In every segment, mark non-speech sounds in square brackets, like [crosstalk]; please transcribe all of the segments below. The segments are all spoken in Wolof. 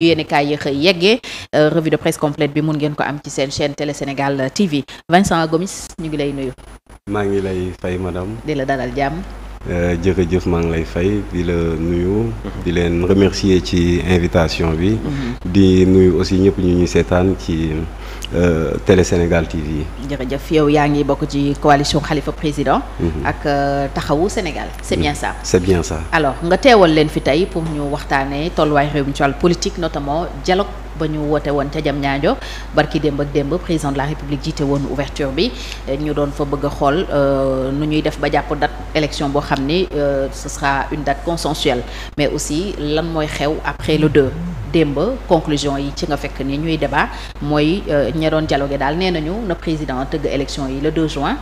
yéen kaay yi xëy yeggee euh, revue de presse complète bi mun ngeen ko am ci seen chaîne Télé Sénégal TV Vincent Gomis ñu ngi lay nuyu. maa ngi lay fay madame. di la dalal jàmm. Euh, jërëjëf maa ngi lay fay di la nuyu. Mhm. di leen remercier ci invitation bi. Mhm. di nuyu aussi ñëpp ñu ñuy seetaan ci. Euh, Télé Sénégal TV. jërëjëf yow yaa ngi bokk ci coalition xalifa président. Mhm. ak euh, taxawu Sénégal c' est mhm. bien ça. c' bien ça. alors nga teewal leen fi tey pour ñu waxtaanee tolluwaay réew mi ci wàllu politique notamment dialogue ba ñu woote woon ca jam ñaajo barki démb ak démb président de la république jiite woon ouverture bi ñu doon fa bëgg a xool euh, nu ñuy def ba jàpp date élection boo xam ni euh, ce sera une date consensuelle mais aussi lan mooy xew après le 2 démb conclusion yi ci nga fekk ni ñuy débat mooy euh, ña doon dialogué daal nee nañu na président tëgg élection yi le 2 juin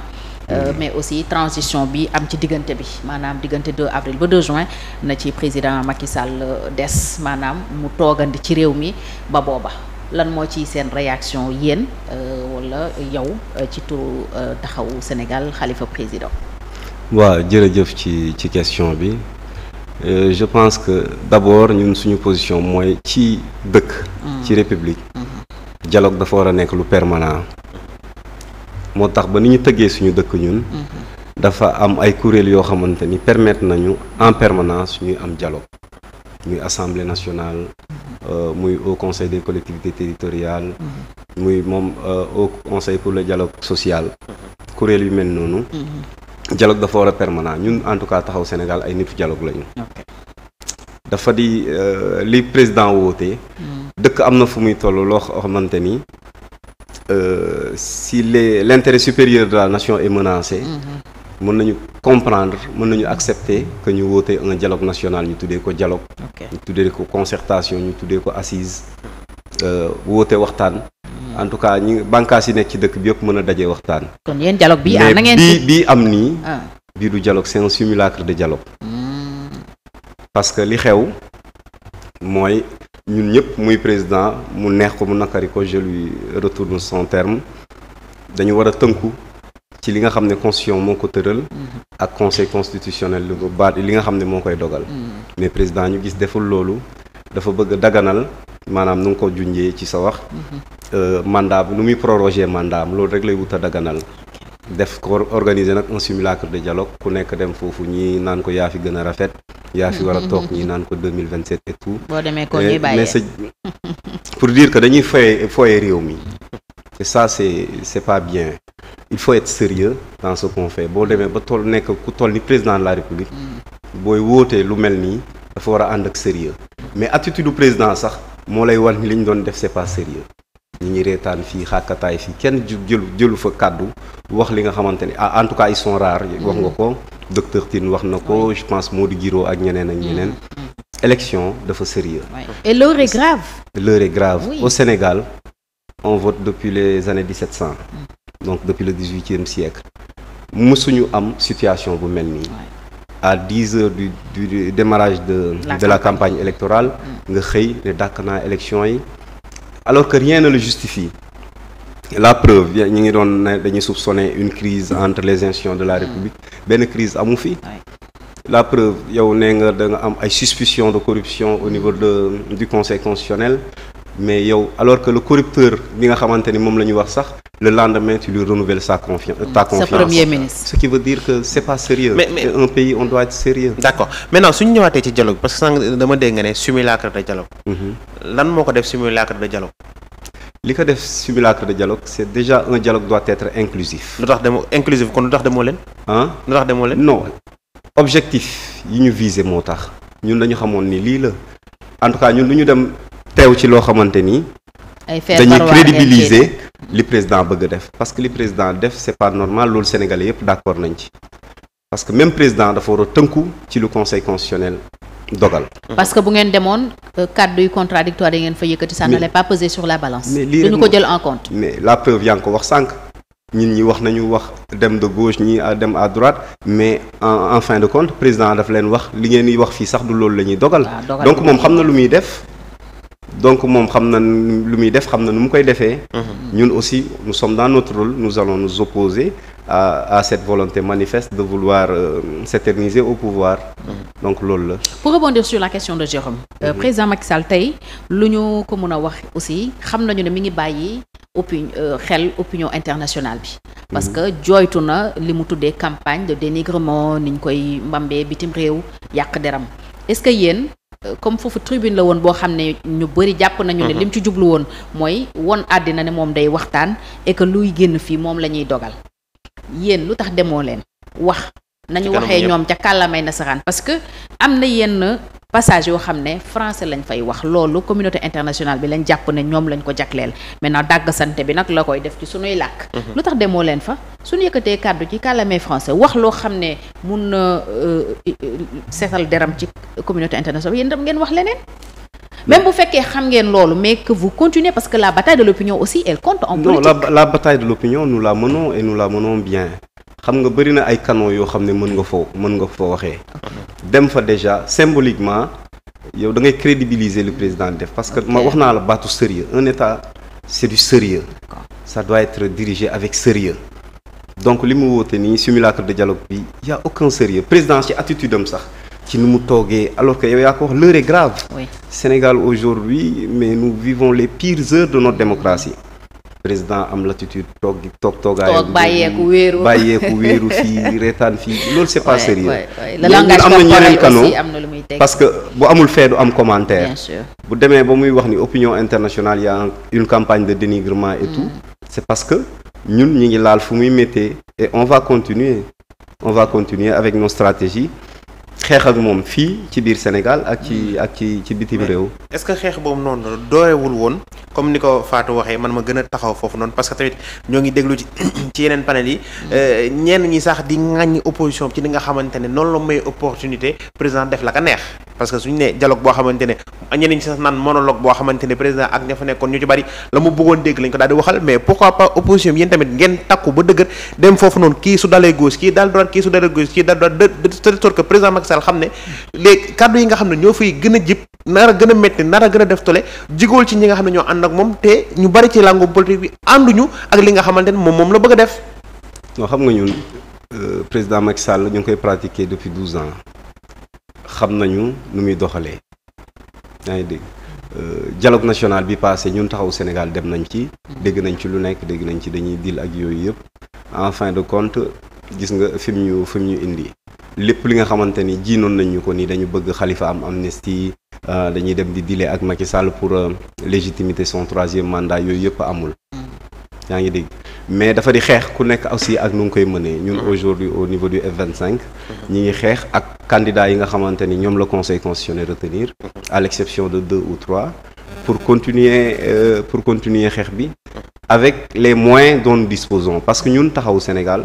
Euh, mais aussi transition bi am ci diggante bi maanaam diggante 2 avril ba 2 juin na ci président Macky Sall euh, des maanaam mu toogandi ci réew mi ba booba lan moo ci seen réaction yéen euh, wala yow ci turu taxawu Sénégal xalifa président. waaw jërëjëf ci ci question bi je pense que d'abord ñun suñu position mooy ci dëkk. Mm. ci république. Mm-hmm. dialogue dafa war a nekk lu permanent. moo tax ba ni ñu tëggee suñu dëkk ñun mm-hmm. dafa am ay kuréel yoo xamante ni permettre nañu en permanence ñuy am dialogue muy assemblée nationale mm-hmm. euh, muy au conseil des collectivités territoriales mm-hmm. muy moom euh, au conseil pour le dialogue social kuréel yu mel noonu dialogue dafa war a permanent ñun en tout cas taxaw Sénégal ay nitu dialogue lañu dafa di euh, li président woote dëkk am na fu muy toll loo xamante ni euh, si les l'intérêt supérieur de la nation est menacé mm-hmm. mën nañu comprendre mën nañu accepter que ñu woote un dialogue national ñu tuddee ko dialogue ñu tuddee ko concertation ñu tuddee ko assise euh, woote waxtaan mm-hmm. en tout cas ñi bànqaas yi nekk ci dëkk bi yëpp mën a dajee waxtaan kon yéen dialogue bi bii am nii ah. bii du dialogue c'est un simulacre de dialogue mm. parce que li xew mooy ñun ñëpp muy président mu neex ko mu nakari ko je lui retourne son terme dañu war a tënku ci li nga xam ne constitution moo ko tëral mm-hmm. ak conseil constitutionnel lu baat li nga xam ne moo koy dogal mm-hmm. mais président ñu gis deful loolu dafa bëgg a daganal maanaam nu nga ko junjee ci sa wax mm-hmm. euh, mandat bi nu muy proroger mandat loolu rek lay wut a daganal def ko organiser nag un simulacre de dialogue ku nekk dem foofu ñi naan ko yaa fi gën a rafet yaa fi war a toog mhm. ñi naan ko 2027 et tout. boo demee ko ñuy bàyyee eh, mais [laughs] pour dire que dañuy foye foye réew mi et ça c'est c'est pas bien il faut être sérieux dans ce qu'on fait boo demee ba toll nekk ku toll ni président de la république mm. booy wootee lu mel nii dafa war a ànd ak sérieux mais attitude du président sax moo lay wan ni li ñu doon def c'est pas sérieux ñi ngi reetaan fii xàkkataay fii kenn jëlu jëlu fa kàddu wax li nga xamante ni ah en tout cas ils sont rares wax nga ko docteur Tine wax na ko je pense Modou Guiro ak ñeneen ak mm. ñeneen. Mm. élection dafa sérieux et l'heure est grave. l'heure grave au Sénégal on vote depuis les années 1700 mm. donc depuis le 18e siècle mësuñu am situation bu mel nii à 10 heures du du démarrage de la la campagne électorale nga xëy ne dàkk naa élection yi alors que rien ne le justifie la preuve ñu ngi doon ne dañuy soupçonner une crise entre les institutions de la République benn crise amu fi. la preuve yow nee nga da nga am ay suspicion de corruption au niveau de du conseil constitutionnel mais yow alors que le corrupteur bi nga xamante ni moom la ñu wax sax le lendemain tu lui renouvelles sa confiance ta confiance sa premier ministre ce qui veut dire que c'est pas sérieux mais, un pays on doit sérieux d'accord maintenant suñu ñëwaatee ci dialogue parce que sànq dama dégg nga ne simulacre de dialogue mhm. lan moo ko def simulacre de dialogue li ko def simulacre de dialogue c'est déjà un dialogue doit être inclusif lu tax demoo inclusif kon lu tax demoo leen ah lu leen non objectif yi ñu visé moo tax ñun dañu xamoon ni lii la en tout cas ñun lu ñu dem teew ci loo xamante ni dañuy crédibiliser li président bëgg a def parce que li président def c'est pas normal loolu sénégalais yëpp d'accord nañ ci parce que même président dafa war a tënku ci lu conseil constitutionnel dogal. parce que bu ngeen demoon euh, kàddu yu contradictoire yi ngeen fa yëkkati. ça n'allait pas peser sur la balance. duñu ko jël en compte. la preuve yaa ngi ko wax sànq. ñun ñi wax nañu wax dem de gauche ñi dem à droite mais en, en fin de compte président daf leen wax li ngeen di wax fii sax du loolu la ñuy dogal ah, donc moom xam na lu muy def donc moom xam na lu muy def xam na nu mu koy defee mhm. ñun aussi nous sommes dans notre rôle nous allons nous opposer à à volonté manifeste de vouloir euh, s'éterniser au pouvoir mhm. donc loolu la. pour rebondir sur la question de Jérôme. Euh, mmh. président Macky tey lu ñu ko mën a wax aussi xam nañu ne mi ngi bàyyi opinion euh, xel opinion internationale bi. parce mhm. que jooytu na li mu tuddee campagne de dénigrement ni ñu koy mbambee bitim réew yàq deram est-ce que yéen. Euh, comme foofu tribune la woon boo xam ne ñu bëri jàpp nañu ne mhm. lim ci jublu woon mooy won àddina ne moom day waxtaan et que luy génn fii moom la ñuy dogal yéen lu tax demoo leen wax nañu waxee ñoom ca na saxaan parce que am na yenn passage yoo xam ne français lañ fay wax loolu communauté internationale bi lañ jàpp ne ñoom lañ ko jagleel maintenant dàgg sante bi nag la koy def ci sunuy làkk mhm. lu tax demoo leen fa suñu yëkkatee kàddu ci kàllamay français wax loo xam ne mun na euh, euh, seetal deram ci communauté internationale yéen tam ngeen wax leneen même bu fekkee xam ngeen loolu mais que vous continuez parce que la bataille de l'opinion aussi elle compte en politique non la, la bataille de l'opinion xam nga bëri na ay canaux yoo xam ne mën nga foo mën nga foo waxee dem fa déjà symboliquement yow da ngay crédibiliser le président def parce que ma wax naa la baatu sérieux un état c'est du sérieux ça doit être dirigé avec sérieux donc li mu woote nii simulacre de dialogue bi y a aucun sérieux président ci attitude am sax ci ni mu toogee alors que yow yaa ko wax l'heure est grave oui. Sénégal aujourd'hui mais nous vivons les pires heures de notre démocratie président am latitude toog toog toogaayam. toog bàyyeeku wéeru bàyyeeku wéeru [laughs] fii reetaan fii loolu c'est pas sérieux. le langage corporel am na lu muy teg parce que bu amul fee am commentaire. bien sûr bu demee ba muy wax ni opinion internationale y a une campagne de dénigrement et mm. tout. c'est parce que ñun ñu ngi laal fu muy méttee et on va continuer on va continuer avec nos stratégies. xeex ak moom fii ci biir Sénégal ak ci mm. ak ci ci bitim réew. est-ce que xeex boobu noonu doorewul woon comme ni ko Fatou waxee man ma gën a taxaw foofu noonu parce que tamit ñoo ngi déglu ci [coughs] ci yeneen panel yi mm. euh, ñenn ñi sax di ŋàññi opposition ci li nga xamante ne noonu la may opportunité président def la ka neex parce que suñu nee dialogue boo xamante ne ñeneen ñi sax naan monologue boo xamante ne président ak ña fa nekkoon ñu ci bari la mu bëggoon dégg lañ ko daal di waxal mais pourquoi pas opposition bi yéen tamit ngeen takku ba dëgër dem foofu noonu kii su dalee gauche kii daal droite kii su dalee gauche kii daal droite de de telle sorte que président Macky Sall xam ne les kaddu yi nga xam ne ñoo fay gën a jib nar a gën a métti nar def tole jigool ci ñi nga xam ne ñoo ànd ak moom te ñu bari ci làngu politique bi ànduñu ak li xamante ne moom moom la bëgg a def. non xam nga ñun euh, président Macky Sall ñu ngi koy pratiquer depuis douze ans xam nañu nu muy doxalee yaa ngi dégg euh, dialogue national bi passé ñun taxaw Sénégal dem nañ ci. dégg nañ ci lu nekk dégg nañ ci dañuy deal ak yooyu yëpp en fin de compte gis nga fi mu ñu fi ñu indi. lépp li nga xamante ni jiinoon nañ ñu ko ni dañu bëgg xalifa am amnistie euh, dañuy dem di dile ak Macky Sall pour euh, légitimité son troisième mandat yooyu yëpp amul. Mm. yaa ngi dégg mais dafa di xeex ku nekk aussi ak nu ngi koy mënee. ñun mm-hmm. aujourd'hui au niveau du F25. Mm-hmm. ñi ngi xeex ak candidats yi nga xamante ni ñoom la conseil constitutionnel retenir. Mm-hmm. à l'exception de deux ou trois. pour continuer euh, pour continuer xeex bi. avec les moins dont nous disposons parce que ñun taxawu Sénégal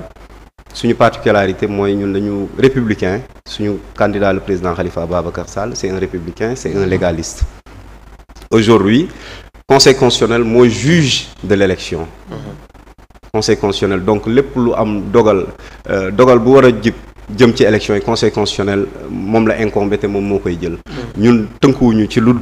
suñu particularité mooy ñun dañu républicain suñu candidat le président Khalifa Ababacar Sall c'est un républicain c'est un légaliste. aujourd'hui conseil constitutionnel mooy juge de l'élection. conseil constitutionnel donc lépp lu am dogal euh, dogal bu war a jib jëm ci élection yi conseil constitutionnel moom la incombé te moom moo koy jël. ñun tënkuwuñu ci lu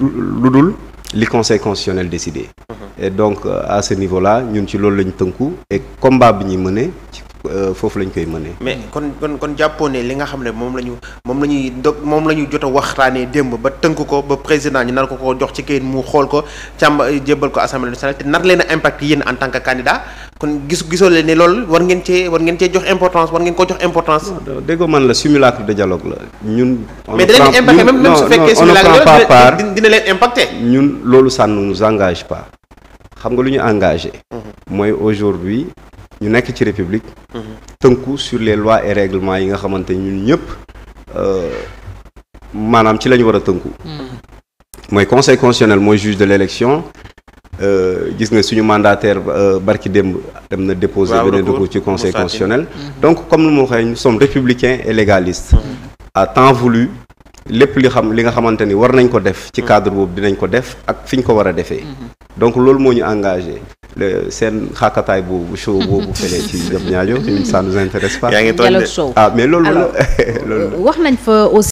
lu dul li conseil constitutionnel décidé. Mhm. et donc euh, à ce niveau là ñun ci loolu lañ tënku et combat bi ñuy mëne ci euh, foofu lañ koy mënee. mais kon kon jàppoo ne li nga xam ne moom la ñu moom la ñuy do moom la ñu jot a waxtaanee démb ba tënk ko ba président ñu nar ko ko jox ci kayit mu xool ko càmb jébbal ko assemblée nationale te nar leen a yéen en tant que candidat kon gis gisoo leen ne loolu war ngeen cee war ngeen cee jox importance war ngeen ko jox importance. déggoo man la simulacre de dialogue la. ñun on ne prend même même su fekkee simulacre la dina leen impacté. ñun loolu ça ne nous engage pas xam nga lu ñu engagé. Mhm. mooy aujourd'hui ñu nekk ci république. Mhm. tënku sur les lois et règlements yi nga xamante ñun ñëpp euh, maanaam ci la ñu war a tënku. Mhm. mooy conseil constitutionnel mooy juge de l'élection Euh, gis nga suñu mandataire euh, barki dem dem na déposer beneen recours ci conseil constitutionnel mm-hmm. donc comme nu ma waxee nous sommes républicains et légalistes mm-hmm. à temps voulu lépp li xam li nga xamante ni war nañ ko def ci mm-hmm. cadre boobu dinañ ko def ak fi ñu ko war a defee donc loolu moo ñu engagé seen xaakataay boobu show boobu fële ci Diamniadio [laughs] ça nous intéresse pas yaa ngi toog ah mais [laughs] loolu la wax nañ fa aussi